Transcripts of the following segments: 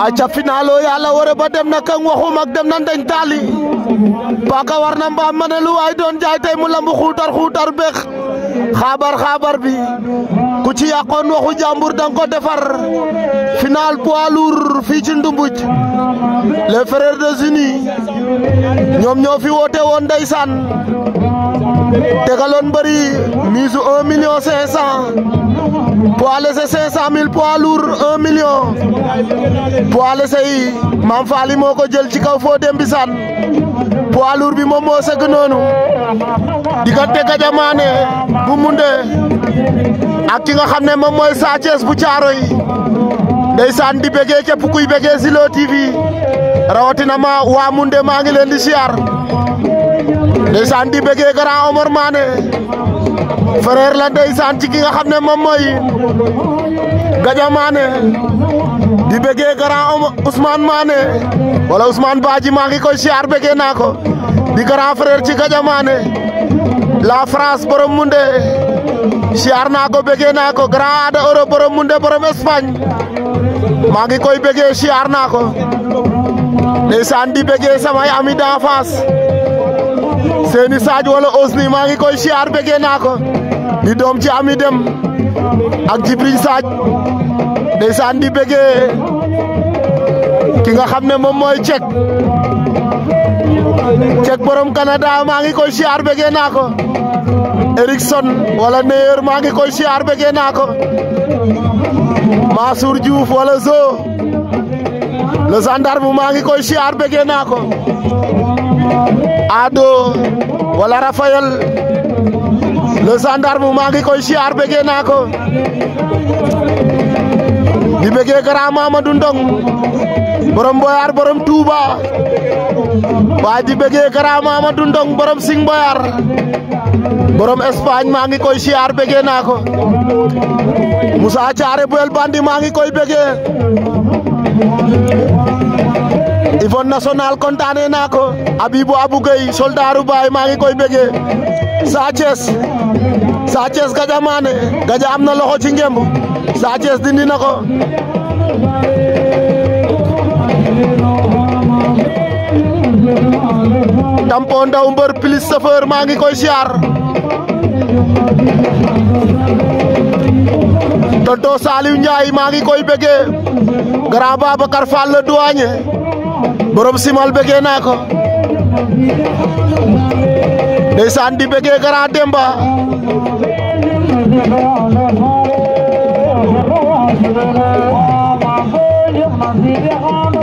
aca finalo yàlla wara ba dem na kan waxum ak dem na ndeñ taali paaka war na mbaam ma ne lu waay doon jaay tey mu lamb xuutar xuutar beex xabar xabar bi ku ci yàqoon waxu jàmbur dang ko defar final poids fii ci ndumbuj les de Zuni ñoom ñoo fi woote woon ndeysaan tegaloon bëri mise un million cinq poids léger cinq cent mille poids lourd un million poids yi Mame Faly moo ko jël ci kaw Fodé Mbissane poids lourd bi moom moo sëgg noonu diggante Gadia bu Moundé ak ki nga xam ne moom mooy Sa Thiès bu Thiaroye ndeysaan di bëggee képp kuy bëggee Zilo TV rawatina ma waa Moundé maa ngi leen di siyaar ndeysaan di bëggee grand Omar Mané frère la ndeysaan ci ki nga xam ne moom mooy Gadia Mané di bëggee grand Ousmane Mané wala Ousmane Badji maa ngi koy siyaar bëggee naa ko di grand frère ci Gadia Mané la France borom munde siyaar naa ko bëggee naa ko grand ada Europe borom munde borom Espagne maa ngi koy bëggee siyaar naa ko ndeysaan di bëggee samay ami d'enfance seeni Sadio wala Osni maa ngi koy siyaar bëggee naa ko di doom ci ami dem ak Jibril Sadio ndeysaan di bëggee ki nga xam ne moom mooy cek cek borom Canada maa ngi koy siyaar bëggee naa ko Erickson wala Neyer maa ngi koy siyaar bëggee naa ko Mansour Diouf wala Zo le gendarme maa ngi koy siyaar bëggee naa ko Ado wala Raphaël le maa ngi koy siyaar bëggee naa ko di bëggee grand Mamadou Ndong borom Mboyar borom Touba waa di bëggee grand Mamadou Ndong borom Sing Mboyar borom Espagne maa ngi koy siyaar bëggee naa ko Moussa Thiaré Buel Bandi maa ngi koy bëggee. Yvonne National kontaane naa ko Abibou Abou Gueye soldaaru baay maa ngi koy bëggee Sa Thiès Sa Thiès am na loxo ci ngemb Sa Thiès na ko Tampon Ndaw mbër plus maa ngi koy siyaar tonton Saliou Ndiaye maa ngi koy bëggee grand Babacar Fall le simal bëggee naa ko ndeysaan di bëggee grand Demba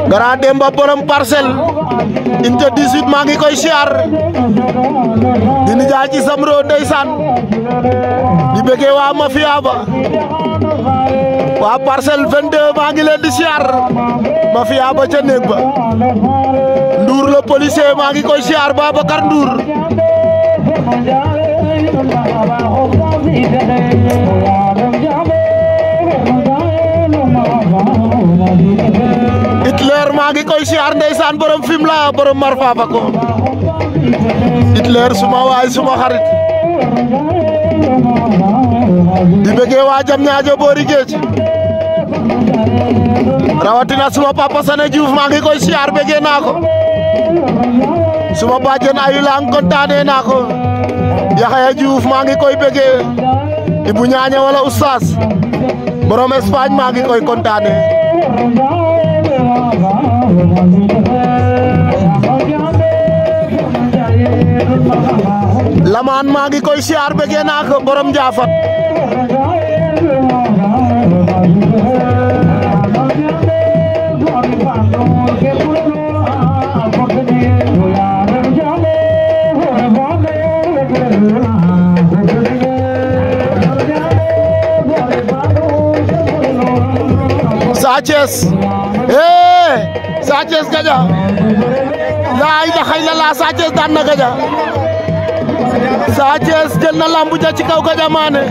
Grand Demba borom parcelle unité 18 maa ngi koy siyaar di nijaay ci samro ndeysaan di bëggee waa mafia ba waa parcelle 22 maa ngi leen di siyaar mafia ba ca néeg ba Ndour le policier maa ngi koy siyaar Babacar Ndour siyaar San borom film la borom mar faafa ko Hitler suma waay suma xarit di bëggee waa jam rawatina suma papa Sane Diouf maa ngi koy siyaar bëggee naa ko suma bàjjen ayu laa ngi kontaanee nako. ko Yaxaya Diouf maa ngi koy bëggee Ibu wala Oustaz borom Espagne maa ngi koy kontaanee lamaan maa ngi koy siyaar bëggee naa ko borom jaafat Sa Thiès Gandia laa ilaha illallah Sa Thiès daan na jël na lambu ci kaw Gandia Mané